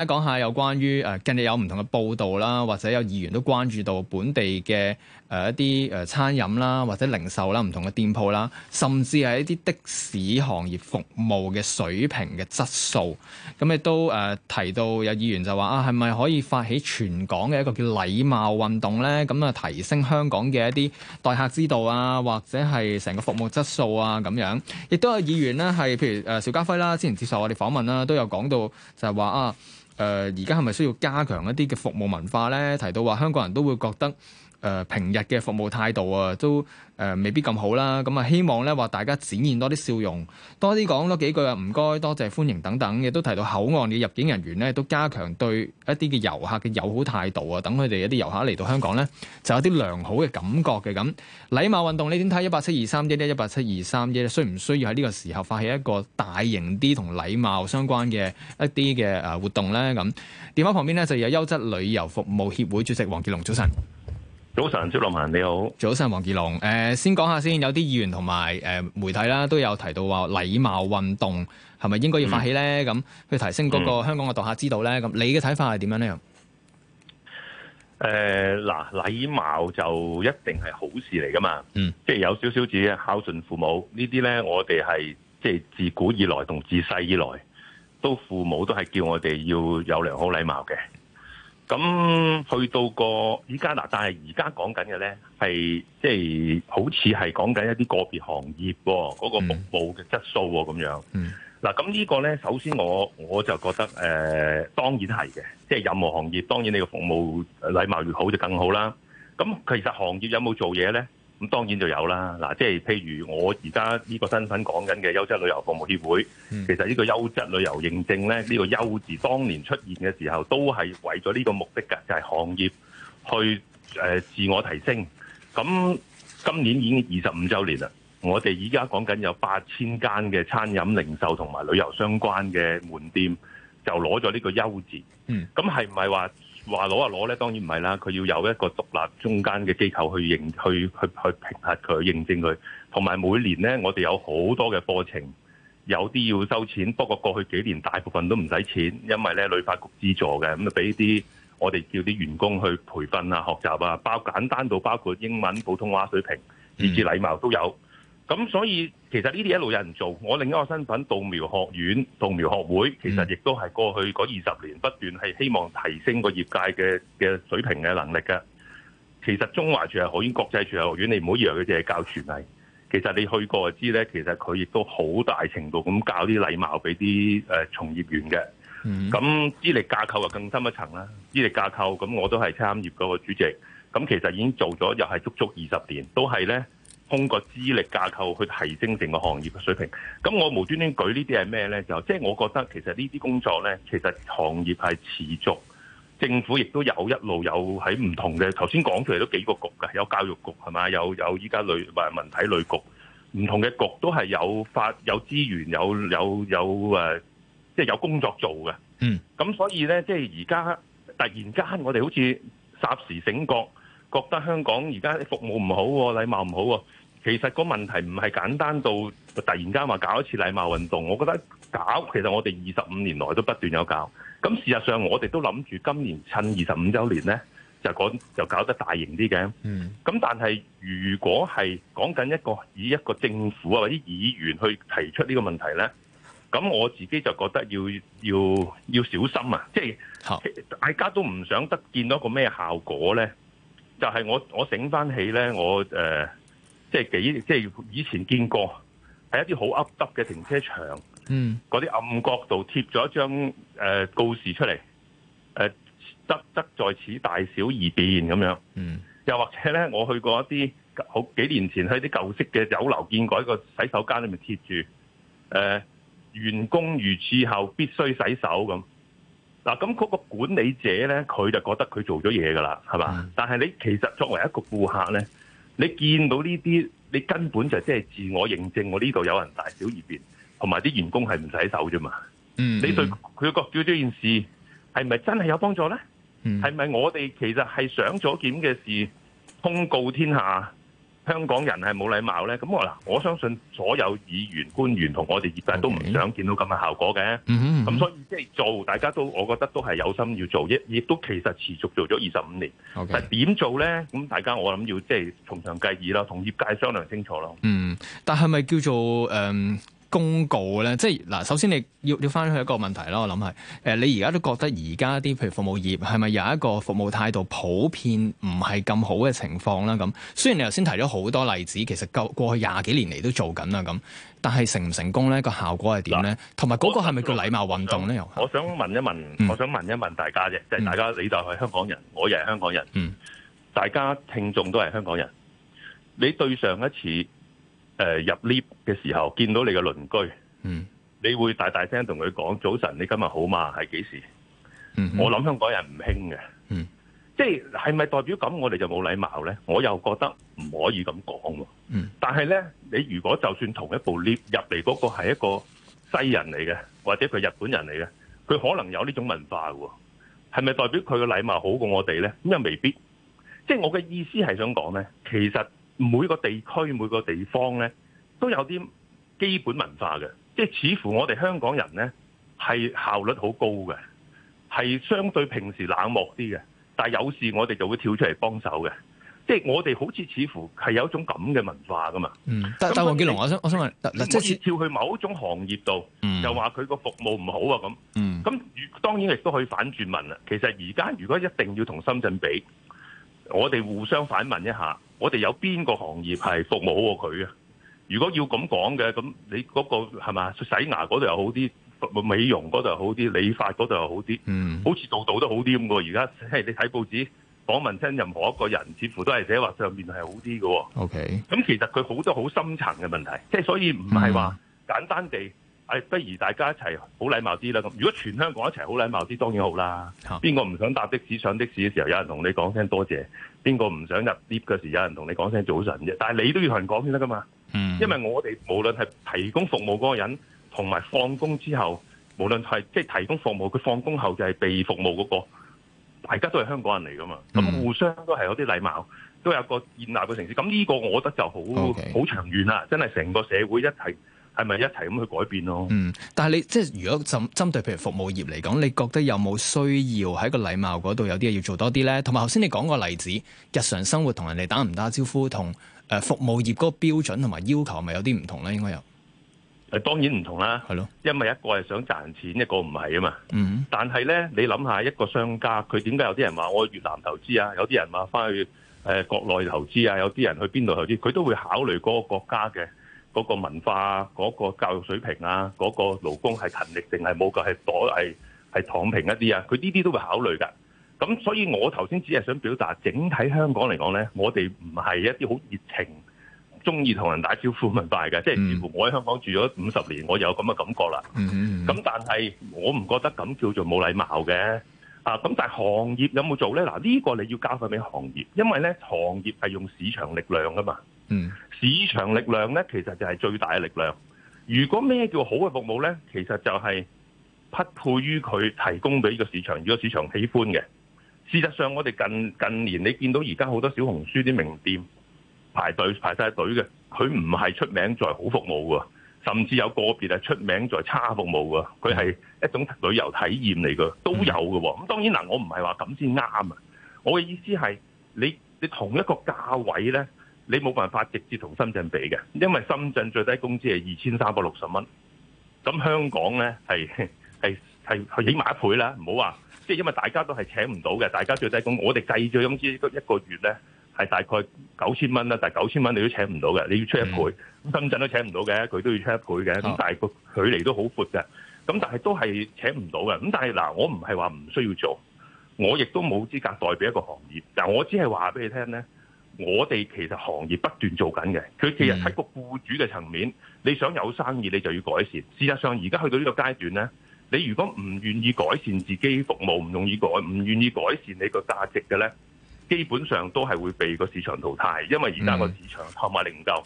一講下有關於誒近日有唔同嘅報道啦，或者有議員都關注到本地嘅誒一啲誒餐飲啦，或者零售啦，唔同嘅店鋪啦，甚至係一啲的士行業服務嘅水平嘅質素。咁亦都誒、呃、提到有議員就話啊，係咪可以發起全港嘅一個叫禮貌運動咧？咁啊，提升香港嘅一啲待客之道啊，或者係成個服務質素啊，咁樣。亦都有議員咧，係譬如誒、呃、邵家輝啦，之前接受我哋訪問啦，都有講到就係話啊。誒而家係咪需要加強一啲嘅服務文化呢？提到話香港人都會覺得。誒平日嘅服務態度啊，都誒未必咁好啦。咁啊，希望咧話大家展現多啲笑容，多啲講多幾句啊，唔該，多謝，歡迎等等，亦都提到口岸嘅入境人員咧，都加強對一啲嘅遊客嘅友好態度啊，等佢哋一啲遊客嚟到香港咧，就有啲良好嘅感覺嘅。咁禮貌運動，你點睇？一八七二三一一，一八七二三一，需唔需要喺呢個時候發起一個大型啲同禮貌相關嘅一啲嘅誒活動咧？咁電話旁邊咧就有優質旅遊服務協會主席黃傑龍，早晨。早晨，薛樂文你好。早晨，黃傑龍。誒，先講下先，有啲議員同埋誒媒體啦，都有提到話禮貌運動係咪應該要發起咧？咁、嗯、去提升嗰個香港嘅待客之道咧？咁你嘅睇法係點樣呢？又、呃、誒，嗱，禮貌就一定係好事嚟噶嘛。嗯。即係有少少自己孝順父母呢啲咧，我哋係即係自古以來同自細以來，都父母都係叫我哋要有良好禮貌嘅。咁去到個依家嗱，但係而家講緊嘅咧，係即係好似係講緊一啲個別行業嗰、哦 mm. 個服務嘅質素喎、哦，咁樣。嗱，咁呢個咧，首先我我就覺得誒、呃，當然係嘅，即係任何行業，當然你個服務、呃、禮貌越好就更好啦。咁其實行業有冇做嘢咧？咁當然就有啦，嗱，即係譬如我而家呢個身份講緊嘅優質旅遊服務協會，嗯、其實呢個優質旅遊認證咧，呢、呢個優字當年出現嘅時候，都係為咗呢個目的㗎，就係、是、行業去誒、呃、自我提升。咁今年已經二十五週年啦，我哋而家講緊有八千間嘅餐飲零售同埋旅遊相關嘅門店就攞咗呢個優字，嗯，咁係唔係話？話攞啊攞咧，當然唔係啦，佢要有一個獨立中間嘅機構去認、去、去、去評核佢、認證佢。同埋每年咧，我哋有好多嘅課程，有啲要收錢，不過過去幾年大部分都唔使錢，因為咧旅發局資助嘅，咁啊俾啲我哋叫啲員工去培訓啊、學習啊，包括簡單到包括英文、普通話水平，自至禮貌都有。咁所以其實呢啲一路有人做，我另一個身份，稻苗學院、稻苗學會，其實亦都係過去嗰二十年不斷係希望提升個業界嘅嘅水平嘅能力嘅。其實中華廚藝學,學院、國際廚藝學,學院，你唔好以為佢淨係教廚藝，其實你去過就知咧，其實佢亦都好大程度咁教啲禮貌俾啲誒從業員嘅。咁資歷架構就更深一層啦，資歷架構咁我都係參與嗰個主席，咁其實已經做咗又係足足二十年，都係咧。通過資歷架構去提升整個行業嘅水平。咁我無端端舉呢啲係咩呢？就即係、就是、我覺得其實呢啲工作呢，其實行業係持續。政府亦都有一路有喺唔同嘅頭先講出嚟都幾個局㗎，有教育局係咪？有有依家類話文體旅局，唔同嘅局都係有發有資源，有有有誒，即、呃、係、就是、有工作做嘅。嗯。咁所以呢，即係而家突然間我哋好似霎時醒覺，覺得香港而家服務唔好、啊，禮貌唔好、啊。其實個問題唔係簡單到突然間話搞一次禮貌運動，我覺得搞其實我哋二十五年來都不斷有搞。咁事實上我哋都諗住今年趁二十五週年呢，就講就搞得大型啲嘅。咁但係如果係講緊一個以一個政府啊或者議員去提出呢個問題呢，咁我自己就覺得要要要小心啊！即係大家都唔想得見到個咩效果呢？就係我我醒翻起呢，我誒。呃即係幾即係以前見過，喺一啲好凹凸嘅停車場，嗯，嗰啲暗角度貼咗張誒、呃、告示出嚟，誒、呃，得得在此大小而變咁樣，嗯，又或者咧，我去過一啲好幾年前喺啲舊式嘅酒樓見過一個洗手間裏面貼住，誒、呃，員工如廁後必須洗手咁。嗱、啊，咁嗰個管理者咧，佢就覺得佢做咗嘢㗎啦，係嘛、嗯？但係你其實作為一個顧客咧。你見到呢啲，你根本就即係自我認證，我呢度有人大小二別，同埋啲員工係唔洗手啫嘛。嗯、mm -hmm.，你對佢個叫呢件事係咪真係有幫助呢？係係咪我哋其實係想咗檢嘅事，通告天下？香港人係冇禮貌呢。咁我嗱，我相信所有議員、官員同我哋業界都唔想見到咁嘅效果嘅。咁、Okay. Mm-hmm. 所以即係做，大家都我覺得都係有心要做，亦亦都其實持續做咗二十五年。Okay. 但點做呢？咁大家我諗要即係從長計議啦，同業界商量清楚咯。嗯，但係咪叫做誒？Um... 公告咧，即係嗱，首先你要要翻去一個問題咯，我諗係誒，你而家都覺得而家啲譬如服務業係咪有一個服務態度普遍唔係咁好嘅情況啦？咁雖然你頭先提咗好多例子，其實過過去廿幾年嚟都做緊啦，咁，但係成唔成功咧？個效果係點咧？同埋嗰個係咪叫禮貌運動咧？又我，我想問一問、嗯，我想問一問大家啫，即、嗯、係、就係、大家、嗯、你就係香港人，我又係香港人，嗯，大家聽眾都係香港人，你對上一次，誒入 lift 嘅時候見到你嘅鄰居，嗯，你會大大聲同佢講早晨，你今日好嘛？係幾時？嗯，嗯，我諗香港人唔興嘅，嗯，即係係咪代表咁我哋就冇禮貌咧？我又覺得唔可以咁講喎，嗯，但係咧，你如果就算同一部 lift 入嚟嗰個係一個西人嚟嘅，或者佢日本人嚟嘅，佢可能有呢種文化喎，係咪代表佢嘅禮貌好過我哋咧？咁又未必，即係我嘅意思係想講咧，其實。每個地區每個地方咧都有啲基本文化嘅，即係似乎我哋香港人咧係效率好高嘅，係相對平時冷漠啲嘅，但係有事我哋就會跳出嚟幫手嘅，即係我哋好似似乎係有一種咁嘅文化噶嘛。嗯。但但黃傑龍，我想，我想，我，想我想問，我即係跳去某一種行業度，又話佢個服務唔好啊咁。咁、嗯、當然亦都可以反轉問啦。其實而家如果一定要同深圳比。我哋互相反問一下，我哋有邊個行業係服務好過佢啊？如果要咁講嘅，咁你嗰個係咪，洗牙嗰度又好啲，美容嗰度又好啲，理髮嗰度又好啲，嗯，好似度度都好啲咁喎。而家你睇報紙訪問親任何一個人，似乎都係寫話上面係好啲嘅。O K，咁其實佢好多好深層嘅問題，即係所以唔係話簡單地。嗯哎、不如大家一齊好禮貌啲啦。咁如果全香港一齊好禮貌啲，當然好啦。邊個唔想搭的士上的士嘅時候，有人同你講聲多謝；邊個唔想入 lift 嘅時候，有人同你講聲早晨啫。但係你都要同人講先得㗎嘛、嗯。因為我哋無論係提供服務嗰個人，同埋放工之後，無論係即係提供服務，佢放工後就係被服務嗰個，大家都係香港人嚟㗎嘛。咁、嗯、互相都係有啲禮貌，都有個現代嘅城市。咁呢個我覺得就好好、okay。長遠啦。真係成個社會一齊。係咪一齊咁去改變咯？嗯，但係你即係如果針針對譬如服務業嚟講，你覺得有冇需要喺個禮貌嗰度有啲嘢要做多啲咧？同埋頭先你講個例子，日常生活同人哋打唔打招呼，同誒服務業嗰個標準同埋要求，係咪有啲唔同咧？應該有。誒當然唔同啦，係咯，因為一個係想賺錢，一個唔係啊嘛。嗯，但係咧，你諗下一個商家，佢點解有啲人話我越南投資啊？有啲人話翻去誒、呃、國內投資啊？有啲人去邊度投資？佢都會考慮嗰個國家嘅。嗰個文化、嗰個教育水平啊，嗰個勞工係勤力定係冇計係躲係係躺平一啲啊？佢呢啲都會考慮㗎。咁所以我頭先只係想表達，整體香港嚟講咧，我哋唔係一啲好熱情、中意同人打招呼文化嘅，即係似乎我喺香港住咗五十年，我又有咁嘅感覺啦。咁、嗯、但係我唔覺得咁叫做冇禮貌嘅啊。咁但係行業有冇做咧？嗱，呢個你要交返俾行業，因為咧行業係用市場力量㗎嘛。嗯，市場力量咧，其實就係最大嘅力量。如果咩叫好嘅服務咧，其實就係匹配於佢提供俾個市場，如果市場喜歡嘅。事實上我哋，我哋近近年你見到而家好多小紅書啲名店排隊排晒隊嘅，佢唔係出名在好服務㗎，甚至有個別係出名在差服務㗎。佢係一種旅遊體驗嚟㗎，都有㗎，哦。咁當然嗱，我唔係話咁先啱啊。我嘅意思係你你同一個價位咧。你冇辦法直接同深圳比嘅，因為深圳最低工資係二千三百六十蚊，咁香港呢，係係係起碼一倍啦。唔好話，即係因為大家都係請唔到嘅，大家最低工，我哋計咗工資一個月呢，係大概九千蚊啦，但九千蚊你都請唔到嘅，你要出一倍，嗯、深圳都請唔到嘅，佢都要出一倍嘅。咁但係個距離都好闊嘅，咁但係都係請唔到嘅。咁但係嗱，我唔係話唔需要做，我亦都冇資格代表一個行業，嗱，我只係話俾你聽呢。我哋其實行業不斷做緊嘅，佢其實喺個僱主嘅層面，你想有生意，你就要改善。事實上，而家去到呢個階段呢，你如果唔願意改善自己服務，唔容易改，唔願意改善你個價值嘅呢，基本上都係會被個市場淘汰。因為而家個市場同埋購買力唔夠，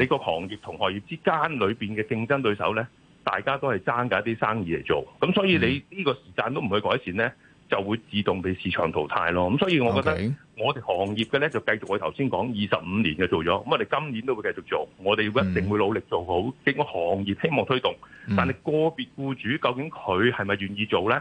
你個行業同行業之間裏面嘅競爭對手呢，大家都係爭緊啲生意嚟做。咁所以你呢個時間都唔去改善呢，就會自動被市場淘汰咯。咁所以我覺得我哋行業嘅咧就繼續我頭先講二十五年嘅做咗，咁我哋今年都會繼續做。我哋一定會努力做好。如果行業希望推動，但係個別僱主究竟佢係咪願意做咧？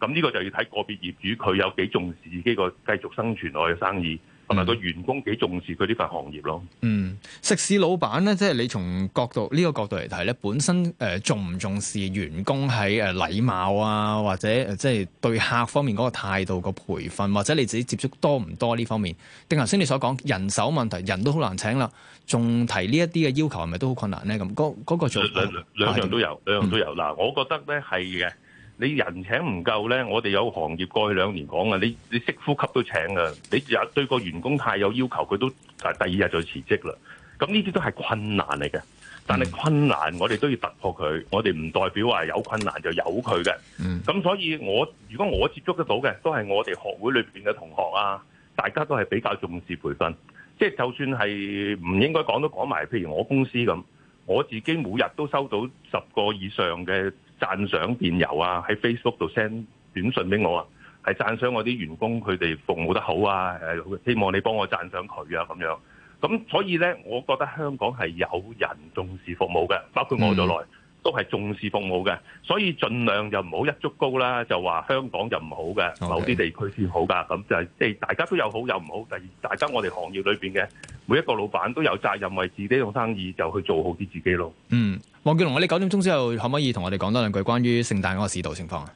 咁呢個就要睇個別業主佢有幾重視自己個繼續生存落去嘅生意。同埋個員工幾重視佢呢份行業咯？嗯，食肆老闆咧，即係你從角度呢、這個角度嚟睇咧，本身、呃、重唔重視員工喺誒禮貌啊，或者即係對客方面嗰個態度個培訓，或者你自己接觸多唔多呢方面？定頭先你所講人手問題，人都好難請啦，仲提呢一啲嘅要求係咪都好困難咧？咁嗰嗰個兩兩樣都有，兩樣都有。嗱、嗯，我覺得咧係嘅。你人請唔夠呢,我哋有行業過去兩年講啊,你你識呼吸都請啊,你對個員工太有要求,佢都第二日就辭職啦。咁呢啲都係困難嚟嘅,但係困難我哋都要突破佢,我哋唔代表話有困難就有佢嘅。咁所以我如果我接觸得到嘅,都係我哋學會裏邊嘅同學啊,大家都係比較重視培訓,即係就算係唔應該講都講埋,譬如我公司咁。我自己每日都收到十個以上嘅讚賞電郵啊，喺 Facebook 度 send 短信俾我啊，係讚賞我啲員工佢哋服務得好啊，誒希望你幫我讚賞佢啊咁樣。咁所以呢，我覺得香港係有人重視服務嘅，包括我喺度內。都係重視服務嘅，所以盡量就唔好一足高啦，就話香港就唔好嘅，某啲地區先好㗎，咁、okay. 就即係大家都有好有唔好，但係大家我哋行業裏邊嘅每一個老闆都有責任為自己嘅生意就去做好啲自己咯。嗯，黃傑龍啊，你九點鐘之後可唔可以同我哋講多兩句關於聖誕嗰個市道情況啊？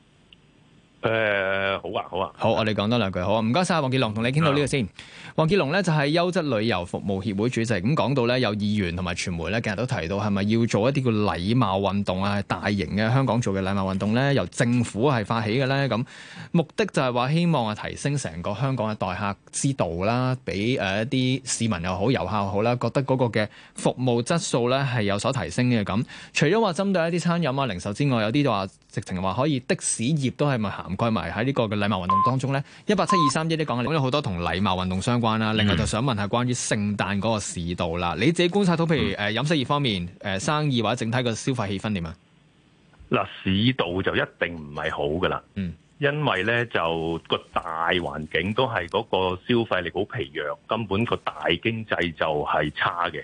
誒、呃，好啊，好啊，好，我哋講多兩句好啊，唔該晒，黃傑龍同你傾到呢個先。黃傑龍咧就係優質旅遊服務協會主席，咁講到咧有議員同埋傳媒咧，近日都提到係咪要做一啲叫禮貌運動啊，大型嘅香港做嘅禮貌運動咧，由政府係發起嘅咧，咁目的就係話希望啊提升成個香港嘅待客之道啦，俾誒一啲市民又好，遊客又好啦，覺得嗰個嘅服務質素咧係有所提升嘅咁。除咗話針對一啲餐飲啊、零售之外，有啲就話。直情話可以的士業都係咪涵蓋埋喺呢個嘅禮貌運動當中咧？一八七二三一都講，講咗好多同禮貌運動相關啦。另外就想問下關於聖誕嗰個市道啦。你自己觀察到，譬如誒飲食業方面誒生意或者整體個消費氣氛點啊？嗱，市道就一定唔係好㗎喇，嗯，因為咧就個大環境都係嗰個消費力好疲弱，根本個大經濟就係差嘅。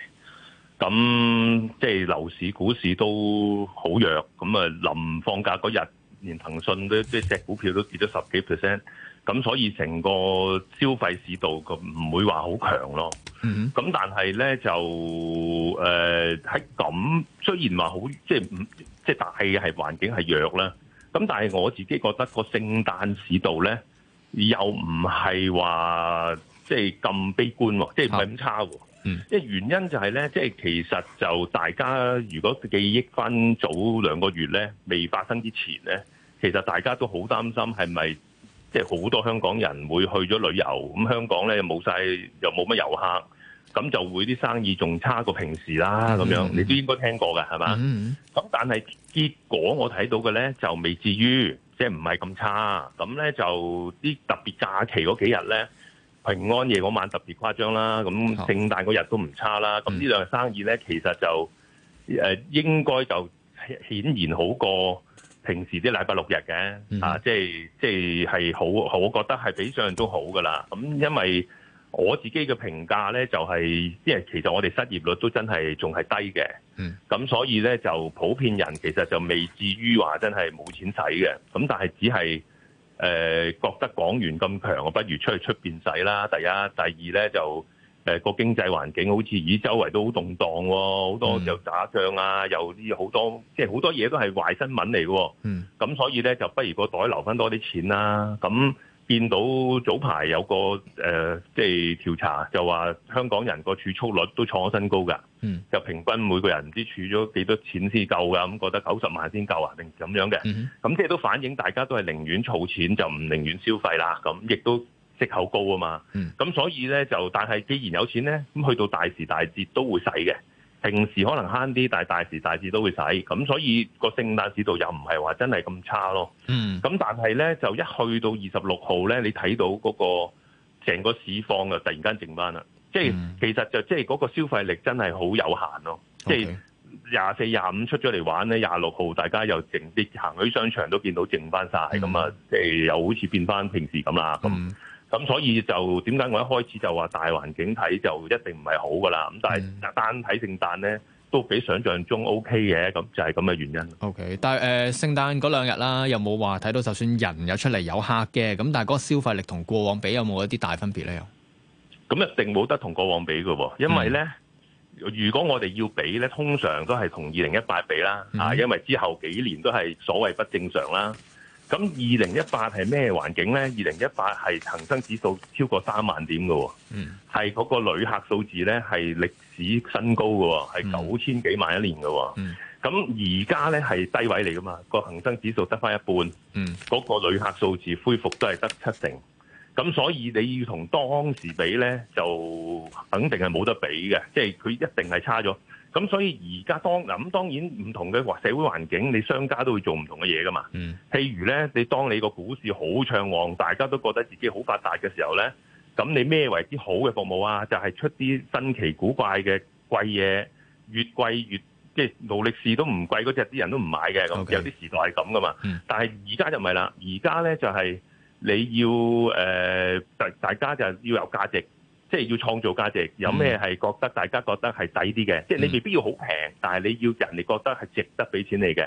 咁即係樓市、股市都好弱，咁啊臨放假嗰日，連騰訊都即係隻股票都跌咗十幾 percent，咁所以成個消費市道就唔會話好強咯。咁但係咧就誒喺咁，雖然話好即係唔即係大嘅環境係弱啦，咁但係我自己覺得個聖誕市道咧又唔係話即係咁悲觀喎，即係唔係咁差喎。即、嗯、係原因就係、是、咧，即係其實就大家如果記憶翻早兩個月咧，未發生之前咧，其實大家都好擔心係咪即係好多香港人會去咗旅遊，咁香港咧又冇晒，又冇乜遊客，咁就會啲生意仲差過平時啦咁、嗯嗯、樣，你都應該聽過嘅係嘛？咁、嗯嗯、但係結果我睇到嘅咧就未至於即係唔係咁差，咁咧就啲特別假期嗰幾日咧。平安夜嗰晚特別誇張啦，咁聖誕嗰日都唔差啦，咁呢兩日生意咧其實就誒應該就顯然好過平時啲禮拜六日嘅，嗯、啊，即係即係係好好我覺得係比上都好噶啦。咁因為我自己嘅評價咧，就係即係其實我哋失業率都真係仲係低嘅，咁、嗯、所以咧就普遍人其實就未至於話真係冇錢使嘅，咁但係只係。誒、呃、覺得港元咁強，不如出去出邊使啦。第一、第二咧就誒個、呃、經濟環境好似咦周圍都好動蕩喎、哦，好多又打仗啊，又啲好多，即係好多嘢、就是、都係壞新聞嚟嘅、哦。咁、嗯、所以咧就不如個袋留翻多啲錢啦、啊。咁見到早排有個誒、呃，即係調查就話香港人個儲蓄率都創咗新高㗎。嗯，就平均每個人唔知儲咗幾多錢先夠㗎，咁覺得九十萬先夠啊，定咁樣嘅。咁、嗯、即係都反映大家都係寧願儲錢就唔寧願消費啦。咁亦都息口高啊嘛。嗯，咁所以咧就，但係既然有錢咧，咁去到大時大節都會使嘅。平時可能慳啲，但係大時大節都會使，咁所以個聖誕市道又唔係話真係咁差咯。嗯，咁但係咧就一去到二十六號咧，你睇到嗰個成個市況啊，突然間靜翻啦。即係其實就即係嗰個消費力真係好有限咯。即係廿四廿五出咗嚟玩咧，廿六號大家又靜啲，行去商場都見到靜翻晒。咁、嗯、啊！即係又好似變翻平時咁啦。咁、嗯。咁所以就點解我一開始就話大環境睇就一定唔係好㗎啦，咁，但係單睇聖誕咧都比想象中 OK 嘅，咁就係咁嘅原因。OK，但係誒聖誕嗰兩日啦，有冇話睇到就算人有出嚟有客嘅，咁但係嗰個消費力同過往比有冇一啲大分別咧？咁一定冇得同過往比嘅喎，因為咧，如果我哋要比咧，通常都係同二零一八比啦，啊，因為之後幾年都係所謂不正常啦。咁二零一八係咩環境呢？二零一八係恒生指數超過三萬點嘅，係、嗯、嗰個旅客數字呢係歷史新高嘅，係九千幾萬一年嘅。咁而家呢係低位嚟㗎嘛，個恒生指數得翻一半，嗰、嗯、嗰個旅客數字恢復都係得七成。咁所以你要同當時比呢，就肯定係冇得比嘅，即係佢一定係差咗。咁所以而家當咁當然唔同嘅社會環境，你商家都會做唔同嘅嘢噶嘛。嗯。譬如咧，你當你個股市好暢旺，大家都覺得自己好發達嘅時候咧，咁你咩為之好嘅服務啊？就係、是、出啲新奇古怪嘅貴嘢，越貴越即係勞力士都唔貴嗰隻，啲人都唔買嘅咁。Okay. 有啲時代係咁噶嘛。嗯、但係而家就唔係啦，而家咧就係你要誒大、呃、大家就要有價值。即係要創造價值，有咩係覺得大家覺得係抵啲嘅？即係你未必要好平，但係你要人哋覺得係值得俾錢你嘅。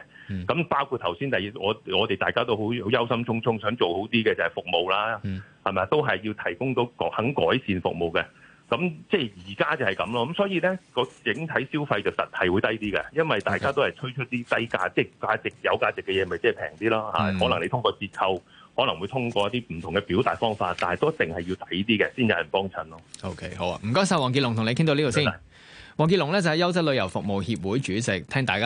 咁、嗯、包括頭先第二，我我哋大家都好好憂心忡忡，想做好啲嘅就係服務啦，係、嗯、咪？都係要提供到個肯改善服務嘅。咁即係而家就係咁咯。咁所以呢，個整體消費就實係會低啲嘅，因為大家都係推出啲低價值、價、嗯、值有價值嘅嘢，咪即係平啲咯。可能你通過折扣。可能會通過一啲唔同嘅表達方法，但係都一定係要抵啲嘅，先有人幫襯咯。O、okay, K，好啊，唔該晒。黃傑龍，同你傾到呢度先。黃傑龍呢就係優質旅遊服務協會主席，聽大家。